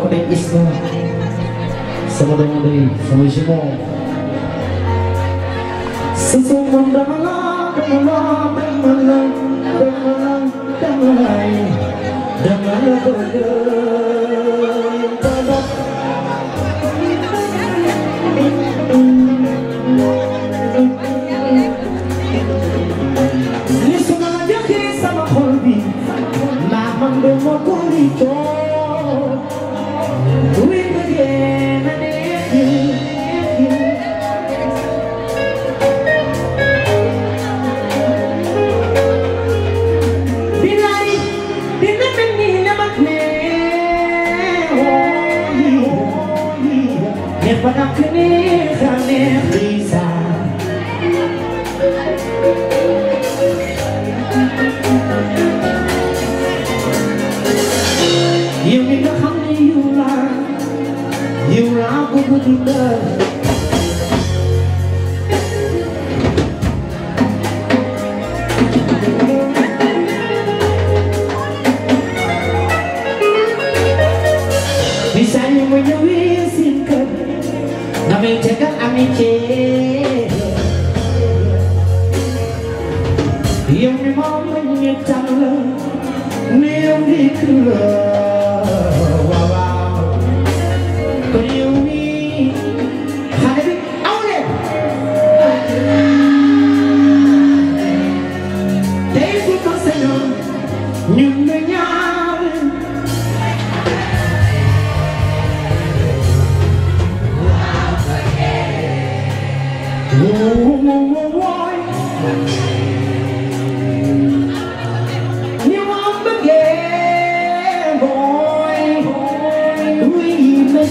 bokk nañ islam sama doomu ndey sama jumeau sëñ moom dama la dama la dama la dama la dama la dama la When I'm coming, coming, please Yow mi nga xam ne yow laa yow laa bëgg di dër Bisa ñu ma ñëwee Amitié kat amitié yow mi moom la ñu tànn néew di kër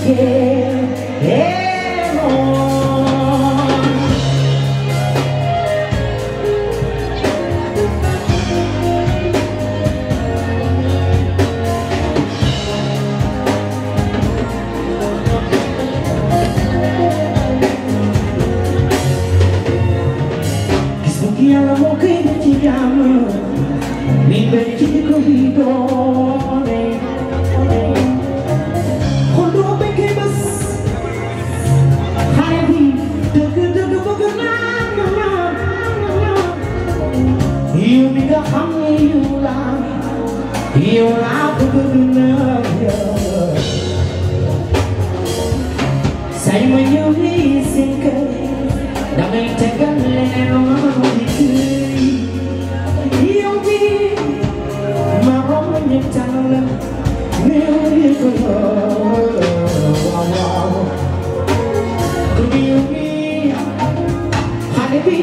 yeah. say ma ñëwee seen kër damay tegal leen ma di tëy yow bi ma romb ñu taw la néew yi ko waaw waaw yow bi xale bi